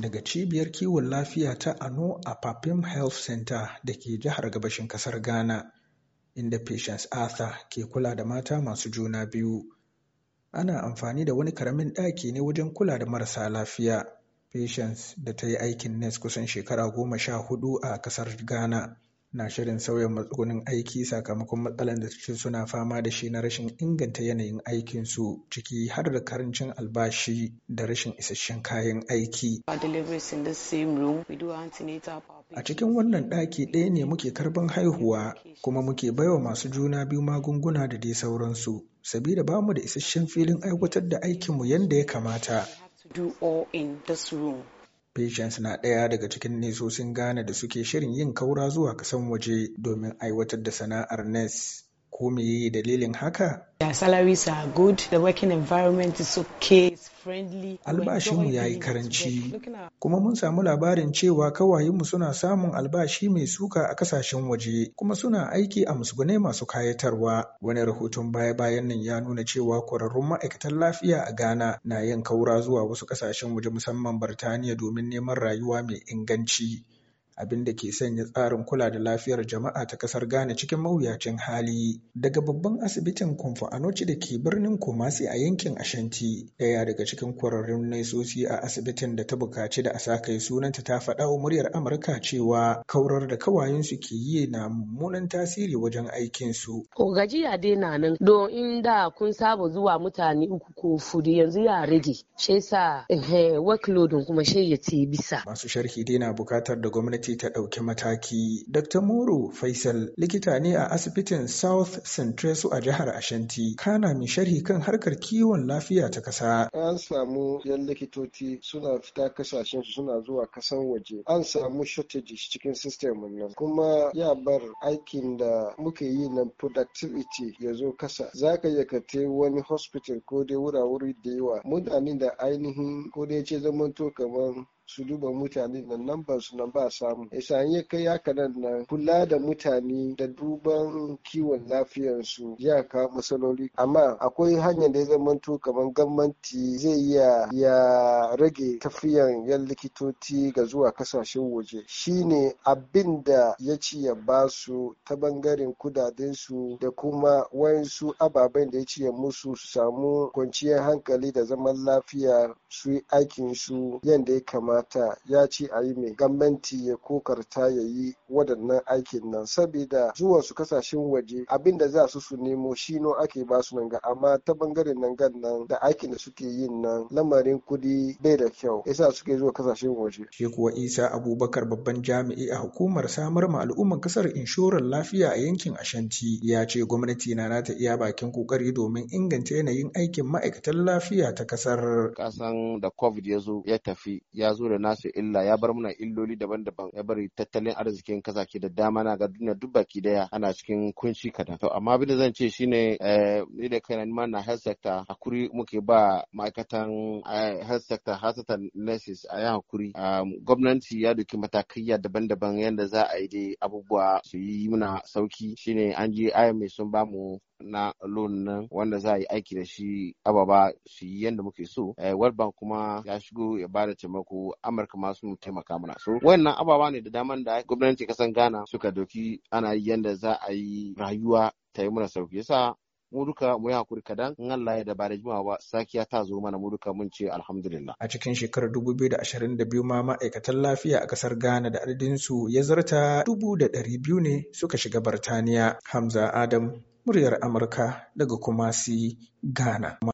daga cibiyar kiwon lafiya ta ano a papim health center da ke jihar gabashin kasar ghana inda patience arthur ke kula da mata masu juna biyu ana amfani da wani karamin ɗaki ne wajen kula da marasa lafiya patience da ta yi aikin nes kusan shekara goma sha hudu a kasar ghana na shirin sauya matsugunin aiki sakamakon matsalar da cikin suna fama da shi na rashin inganta yanayin aikinsu ciki har da karancin albashi da rashin isasshen kayan aiki. A cikin wannan ɗaki ɗaya ne muke karban haihuwa kuma muke baiwa masu juna biyu magunguna da dai sauransu, sabida ba mu da isasshen filin aiwatar da aikinmu yadda ya kamata. Patience na ɗaya daga cikin nesosin Ghana da suke shirin yin kaura zuwa kasan waje domin aiwatar da sana'ar Ness. Ko me yi dalilin haka? salaries are uh, good, the working environment is okay, it's friendly. Albashinmu ya yi karanci, kuma mun samu labarin cewa kawayenmu suna samun albashi mai suka a kasashen waje, kuma suna aiki a musgune masu kayatarwa. Wani rahoton baya-bayan nan ya nuna cewa kwararrun ma'aikatan lafiya a Ghana na yin kaura zuwa wasu kasashen waje musamman Birtaniya domin neman rayuwa mai inganci. abin da ke sanya tsarin kula da lafiyar jama'a ta kasar Ghana cikin mawuyacin hali. Daga babban asibitin Kumfu Anochi da ke birnin Kumasi a yankin Ashanti, ɗaya daga cikin kwararrun naisosi a asibitin da ta bukaci da a sa kai sunanta ta faɗa wa muryar Amurka cewa kaurar da kawayensu ke yi na mummunan tasiri wajen aikinsu. Ko gajiya dai na nan Do in da kun saba zuwa mutane uku ko fudu yanzu ya rage, shi yasa eh, workload kuma shi ya ce bisa. Masu sharhi dai na bukatar da gwamnati gwamnati ta ɗauki mataki. Dr. Moro Faisal likita ne a asibitin South Centresu a jihar Ashanti. Kana mai sharhi kan harkar kiwon lafiya ta ƙasa. An samu yan likitoci suna fita kasashen su suna zuwa kasan waje. An samu shortage cikin system nan. Kuma ya bar aikin da muke yi na productivity ya zo kasa. Za ka yakate wani hospital ko dai wurare da yawa. Mutanen da ainihin ko dai ce zamanto kamar su duba mutane nan nambar su nan ba samu isa ya kai haka nan nan kula da mutane da duban kiwon lafiyar su ya kawo matsaloli amma akwai hanyar da ya zamanto kamar gwamnati zai iya ya rage tafiyan yan likitoci ga zuwa kasashen waje shine abin da ya ci ya ba su ta bangaren kudaden da kuma wayansu ababen da ya ci ya musu su samu kwanciyar hankali da zaman lafiya su yi aikin su yadda ya kama. kamata ya ce a yi mai gwamnati ya kokarta ya yi waɗannan aikin nan saboda zuwa su kasashen waje abin da za su su nemo shi no ake ba su nan ga amma ta bangaren nan gan nan da aikin da suke yin nan lamarin kudi bai da kyau yasa suke zuwa kasashen waje. Shi kuwa Isa Abubakar babban jami'i a hukumar samar ma al'umman kasar inshorar lafiya a yankin Ashanti ya ce gwamnati na nata iya bakin kokari domin inganta yanayin aikin ma'aikatan lafiya ta kasar. Kasan da COVID ya zo ya tafi ya zo zo da nasu illa ya bar muna illoli daban-daban ya bari tattalin arzikin kasashe da dama na ga duniya duk baki daya ana cikin kunshi kadan to amma abin da zan ce shine eh, ni da kaina ma na health sector hakuri muke ba ma'aikatan eh, health sector hasatan nurses a yi hakuri um, gwamnati ya doki matakai daban-daban yanda za a yi dai abubuwa su yi muna sauki shine an je IMA sun ba mu na loan nan wanda za a yi aiki da shi ababa su yi yadda muke so eh, world bank kuma ya shigo ya ba da taimako amurka ma sun taimaka mana so wannan ababa ne da daman da gwamnati kasan ghana suka doki ana yi yadda za a yi rayuwa ta yi mana sauki yasa mu duka mu yi hakuri kadan in Allah ya dabara jimawa ba sakiya ta zo mana mu duka mun ce alhamdulillah a cikin shekarar 2022 ma ma'aikatan lafiya a kasar Ghana da adadin su ya zarta 200 ne suka shiga Birtaniya Hamza Adam muryar Amurka daga Kumasi, Ghana.